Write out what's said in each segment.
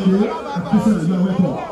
이게학교생활이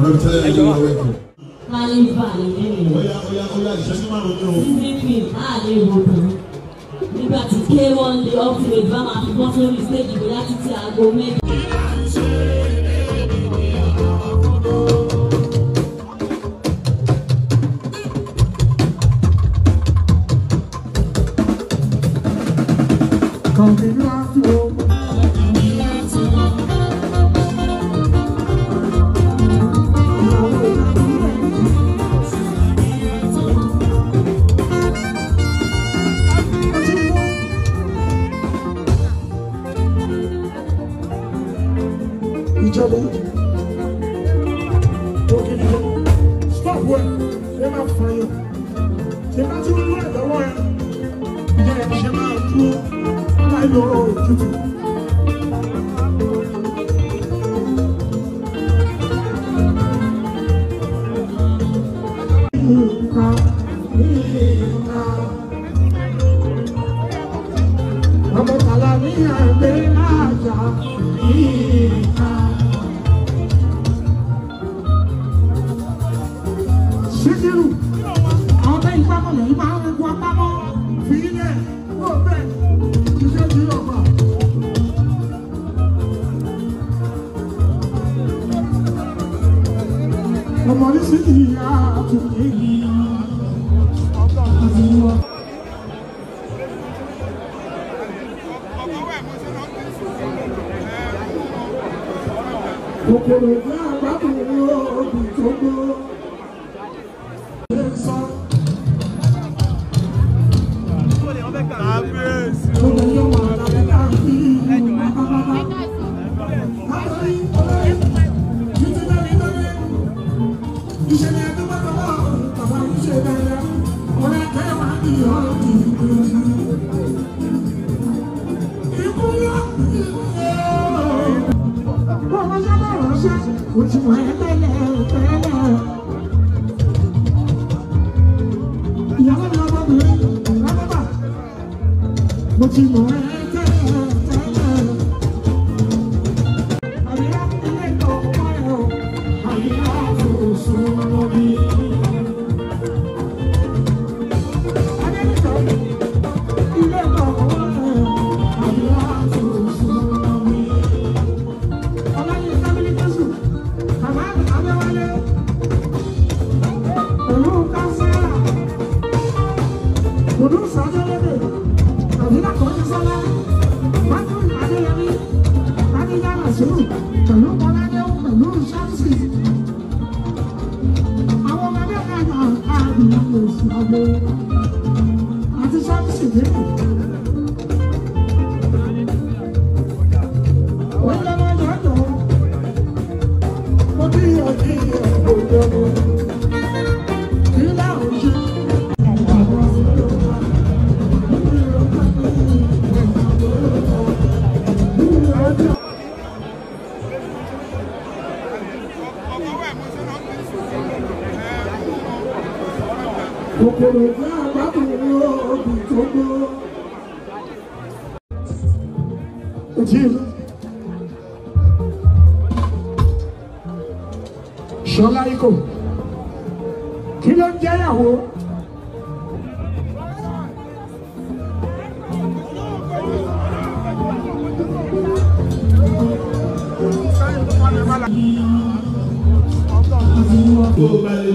ọ̀rọ̀ tí wọ́n yọ ọ̀rọ̀ a lè 嗯。You.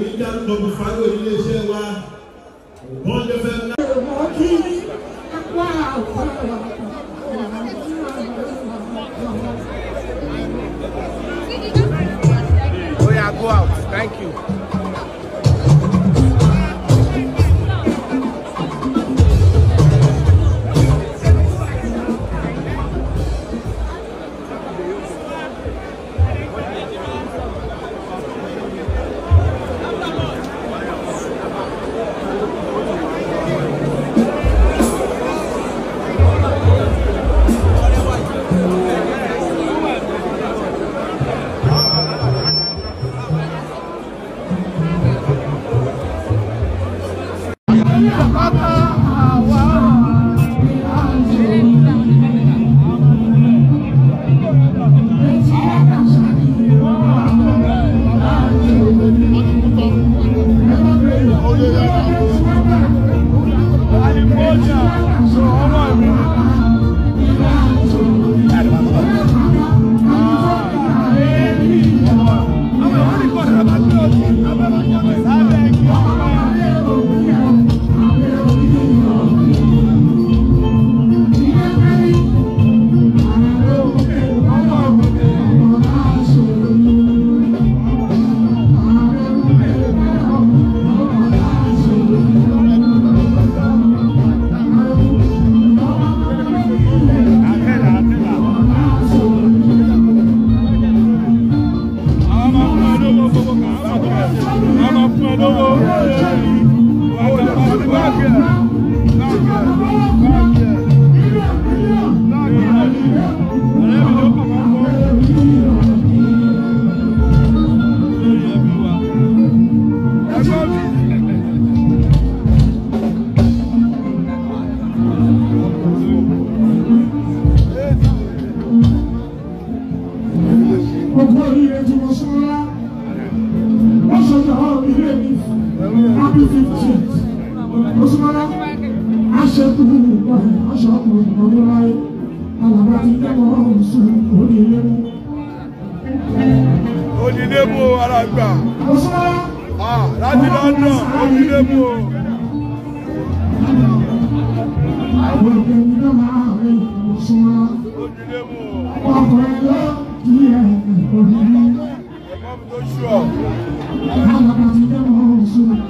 ní dánú lọ́gbọ̀n fáwọn onílé wa wọ́n jọ fẹ́ ná. Go out. Thank you. Father. Osumana aṣọ tuntun Ah, láti London, odile mu o. Àwọn ọ̀gbìn ní ká máa rìn Osumana. Odile mu o. Ọkùnrin ló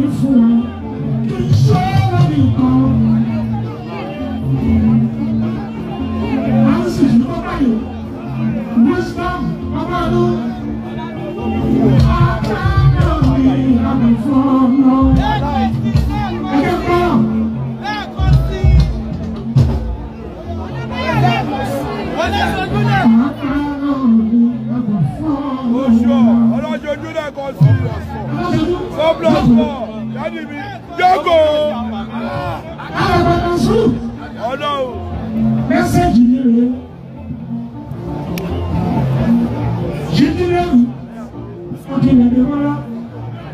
mi fún ọ kì í ṣe ẹ̀rọ mi kan. À wisdom, ọba ló, bless for daddy mi yọgò. alábàtà sùn. ọ̀nà o. mẹ́sẹ̀gì mi rèé. jíjìnlẹ̀ mi òkèlè mi rárá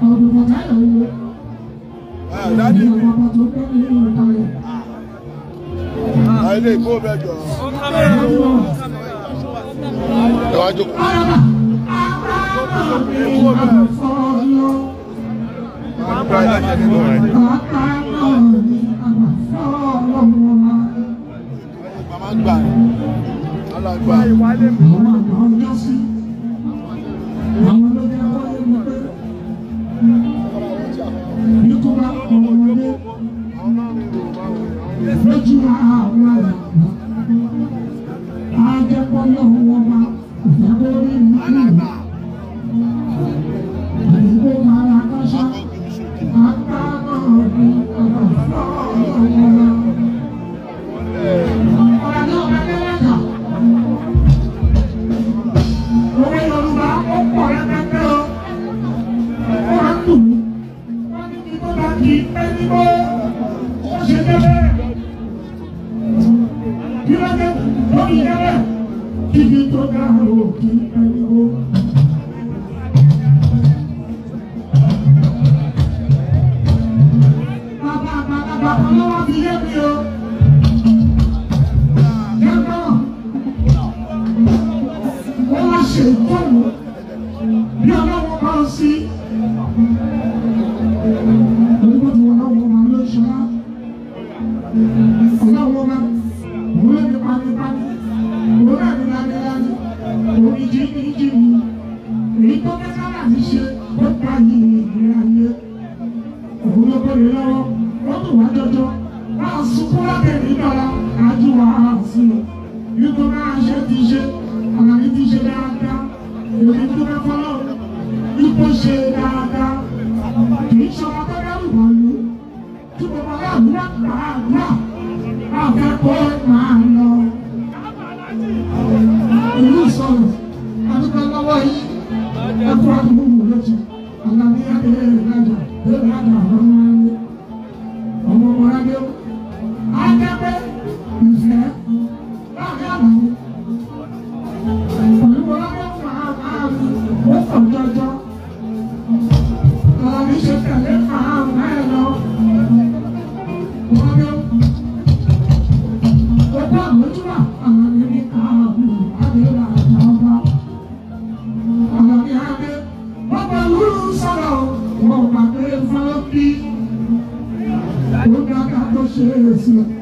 ọ̀dùn bàtà yọ̀ yẹ. daddy mi. ọ̀dùn bàtà tó bẹ́ẹ̀ ni yóò ta yẹ. ayé lè kó bẹ́ẹ̀ jọ. ẹ wá jókòó gba ẹlẹ́jẹ̀ nínú rẹ̀. Alàgbà alàgbà. samaram balu, tu bawa rak rak rak, rak rak 自分の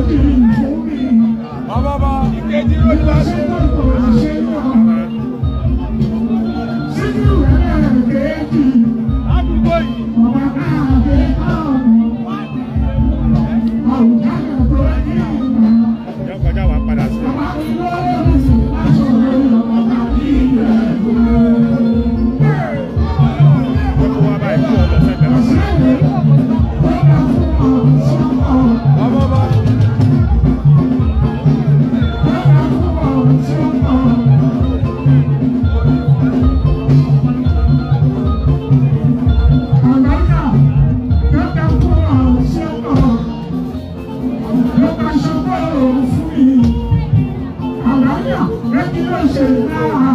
Thank you. 嗯。